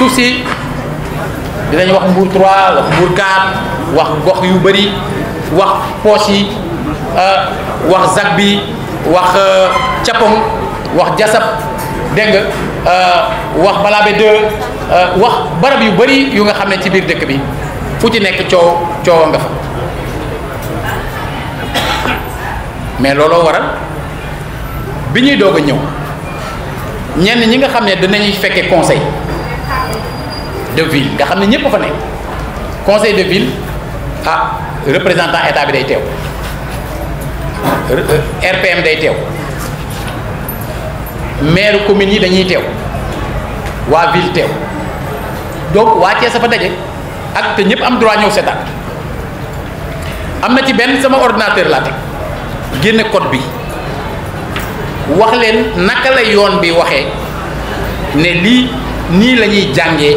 susi, si dinañ wax mbour 3 wax mbour 4 wax gox yu bari wax poche yi euh, wax zag bi wax euh, capong wax jasab dégg euh, wax balabe 2 wax barab yu bari yu nga xam ne ci biir dëkk bi fu ci nekk coow coowa nga fa mais looloo waral bi ñuy doog a ñi nga xam ne dinañuy conseil de ville nga xamné ñepp fa ne conseil de ville ah représentant état bi day teew RPM euh, day teew maire commune yi dañuy teew wa ville teew donc waa Thiès a fa daje ak te ñëpp am droit ñëw seetaan am na ci ben sama ordinateur la tek génne code bi wax len naka la yoon bi waxé ne li ni lañuy ñuy jàngee.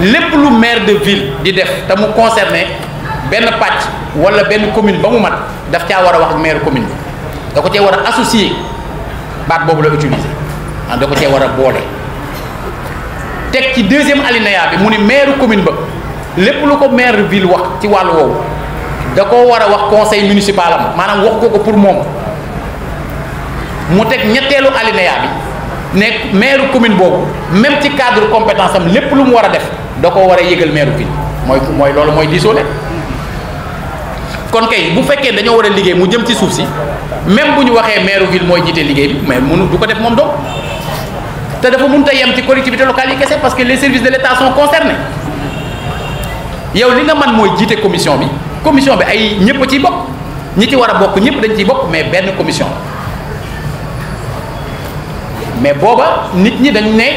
lépp lu maire de ville di def te mu concerné benn pàcc wala benn commune ba mu mat daf caa war wax maire commune bi da ko cee war a associé baat boobu la utiliser ah da ko cee war a boole ci deuxième alinéa bi mu ni maire commune ba lépp lu ko maire ville wax ci wàllu woowu da koo war a wax conseil municipal am maanaam wax ko ko pour moom mu teg ñetteelu alinéa bi. nek maire commune boobu même ci cadre compétence am lepp lu mu war def dako wara yegal maire ville moy moy lolu moy disolé kon kay bu fekkee dañoo wara liggé mu jëm ci souf ci même buñu waxé maire ville moy jité liggé bi mais mënu du def mom do té dafa mënut a yem ci collectivité locale yi kese parce que les services de l'État sont concernés yow li nga man moy jité commission bi commission bi ay ñëpp a bok ñi ci wara bok bokk ñëpp dañ ci bok mais benn commission mais Boba, nit ñi dañ ne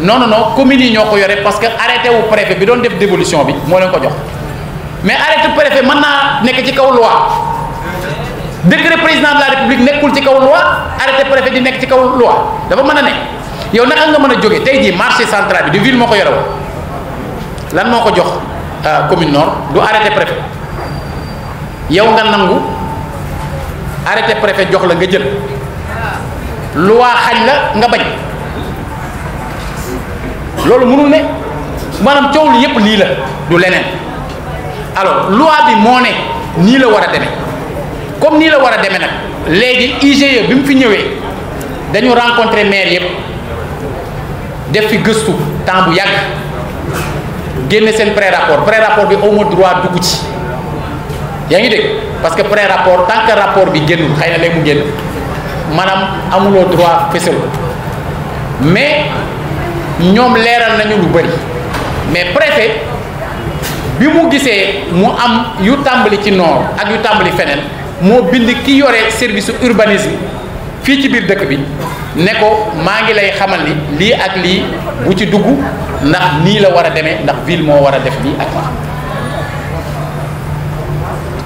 non non non comme yi ñoo parce que arrêté wu préfet bi doon def dévolution bi mo leen ko jox mais arrêté préfet mën naa nekk ci kaw loi décret président de la république n'est ci kaw loi arrêté préfet di nek ci kaw loi dafa mën né yow naka nga mën joggé tay tey marché central bi du ville moko ko lan moko ko jox euh, commune nord du arrêté préfet yow nga nangu arrêté préfet jox la nga jël. lu waa xañ la nga bañ loolu mënul ne maanaam coow li yépp lii la du leneen alors loi bi moo ne nii la war a deme comme nii la war a demee nag léegi IGE bi mu fi ñëwee dañu rencontré maire yépp def fi gëstu temps bu yàgg génne seen pré rapport pré rapport bi awma droit dugg ci yaa ngi dégg parce que pré rapport tant rapport bi génnul xëy na léegi mu génn maanaam amuloo droit fësal mais ñoom leeral nañu lu bari mais préfet bi mu gisee mu am yu tàmbali ci noor ak yu tàmbali feneen moo bind ki yore service urbanisme fii ci biir dëkk bi ne ko maa ngi lay xamal ni lii ak lii bu ci dugg ndax nii la war a demee ndax ville moo war a def lii ak lii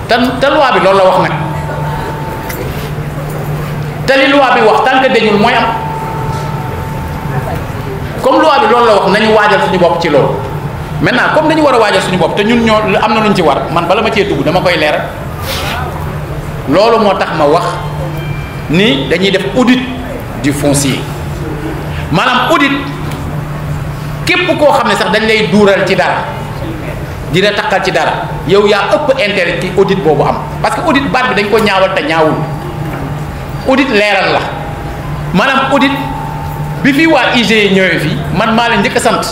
te te bi loolu la wax nag te li loi bi wax tant que dañul mooy am comme loi bi loolu la wax nañu waajal suñu bopp ci loolu maintenant comme dañu war suñu te ñun ñoo luñ ci war man bala ma cee dugg dama koy leeral loolu moo tax ma wax ni dañuy def audit du foncier audit képp sax dañ lay dural ci dara di la ci dara yow yaa ëpp intérêt ci audit boobu am parce que audit baat bi dañ ko ñaawal te ñaawul audit leeral la maanaam audit bi fi waa IGE ñëwee fii man maa lañ njëkk a sant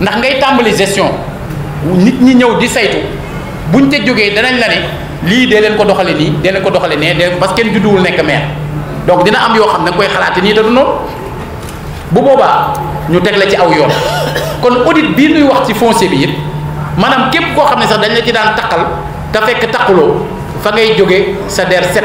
ndax ngay tàmbali gestion nit ñi ñëw di saytu buñ te jógee danañ la ne lii dee leen ko doxale nii dee leen ko doxale nee dee parce que kenn judduwul nekk maire donc dina am yoo xam ne nga koy xalaate nii da noonu bu boobaa ñu teg la ci aw yoon kon audit bii nuy wax ci foncier bi it maanaam képp koo xam ne sax dañ la ci daan takkal te fekk taqaloo fa ngay jóge sa der set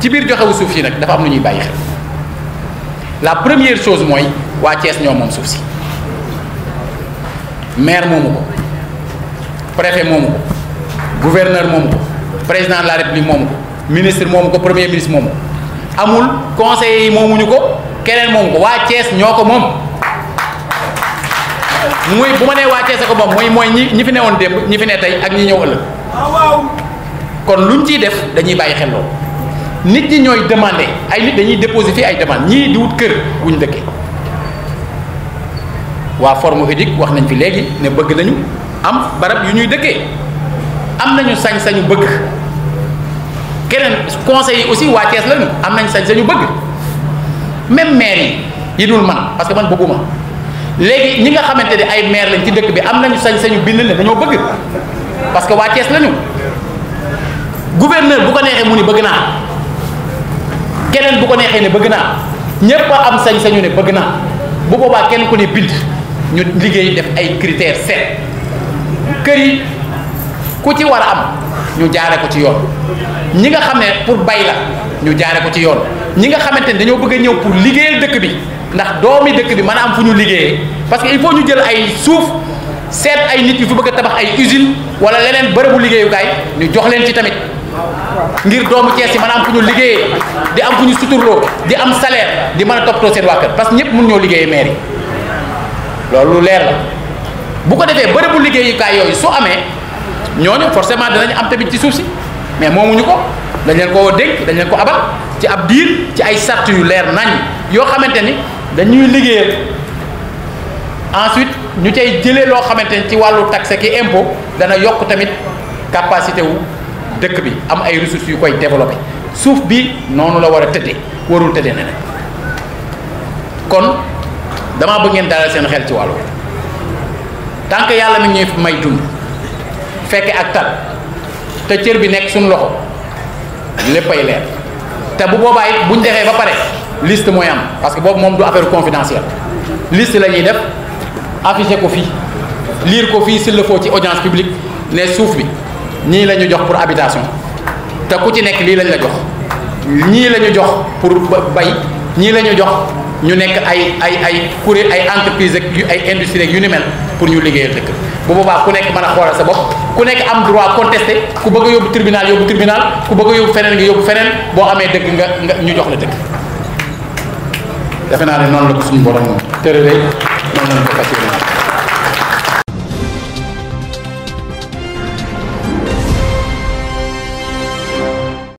ci biir joxewu suuf si nag dafa am lu ñuy bàyyi xel la première chose mooy waa Thiès ñoo moom suuf si maire moomu ko préfet moomu ko gouverneur moomu ko président de la république moomu ko ministre moomu ko premier ministre moomu amul conseillers yi moomuñu ko keneen moomu ko waa Thiès ñoo ko moom muy bu ma nee waa Thiès ko moom mooy mooy ñi ñi fi newoon démb ñi fi ne tey ak ñi ñëw ëllëg ah, kon luñ ciy def dañuy bàyyi xel loolu nit ñi ñooy demandé ay nit dañuy déposé fii ay demande ñii di wut kër bu ñu dëkkee waa forme UDIC wax nañ fi léegi ne bëgg nañu am barab yu ñuy dëkkee am nañu sañ-sañu bëgg keneen conseil yi aussi waa Thiès lañu am nañ sañ-sañu bëgg même maire yi yi dul man parce que man bëgguma léegi ñi nga xamante ne ay maire lañ ci dëkk bi am nañu sañ-sañu bind ne dañoo bëgg parce que waa Thiès lañu gouverneur bu ko neexee mu ni bëgg naa. keneen bu ko neexee ne bëgg naa ñépp am sañ-sañu ne bëgg naa bu boobaa kenn ko ne bind ñu liggéey def ay critères seet kër yi ku ci war a am ñu jaare ko ci yoon ñi nga xam ne pour bay la ñu jaare ko ci yoon ñi nga xamante ne dañoo bëgg ñëw pour liggéeyal dëkk bi ndax doomi dëkk bi mën a am fu ñu liggéeyee parce que il faut ñu jël ay suuf seet ay nit yu fi bëgg tabax ay usine wala leneen bërëbu liggéeyukaay ñu jox leen ci tamit ngir doomu Thiès yi mën a am ku di am ku ñu suturloo di am salaire di mën a toppatoo seen waa kër parce que ñëpp mën ñoo liggéeyee maire yi loolu lu leer la bu ko defee bërëbu liggéeyukaay yooyu su amee ñooñu forcément dinañ am tamit ci suuf si mais moomuñu ko dañ leen koo dénk dañ leen ko abal ci ab diir ci ay sart yu leer nañ yoo xamante dañuy liggéeyal ensuite ñu cay jëlee loo xamante ni ci wàllu taxe ki impôt dana yokk tamit capacité wu dëkk bi am ay ressources yu koy développé suuf bi noonu la war a tëddee warul tëddee na kon damaa bëgg ngeen dalal seen xel ci wàllu tant que yàlla mi ñuy may dund fekke ak tal te cër bi nekk suñu loxo léppay leer te bu boobaa it buñ defee ba pare liste mooy am parce que boobu moom du affaire confidentielle liste la ñuy def affiché ko fii lire ko fii s'il le ci audience publique ne suuf bi ñii la ñu jox pour habitation te ku ci nekk lii lañ la jox ñii lañu jox pour bay ñii la ñu jox ñu nekk ay ay ay kuréel ay entreprise ak ay industrie ak yu ni mel pour ñu liggéeyal dëkk bu boobaa ku nekk mën a xoolal sa bopp ku nekk am droit contesté ku bëgg a yóbbu tribunal yóbbu tribunal ku bëgg a yóbbu feneen nga yóbbu feneen boo amee dëgg nga nga ñu jox la dëgg defe naa ne noonu la ko suñu borom tërëlee noonu la ko fas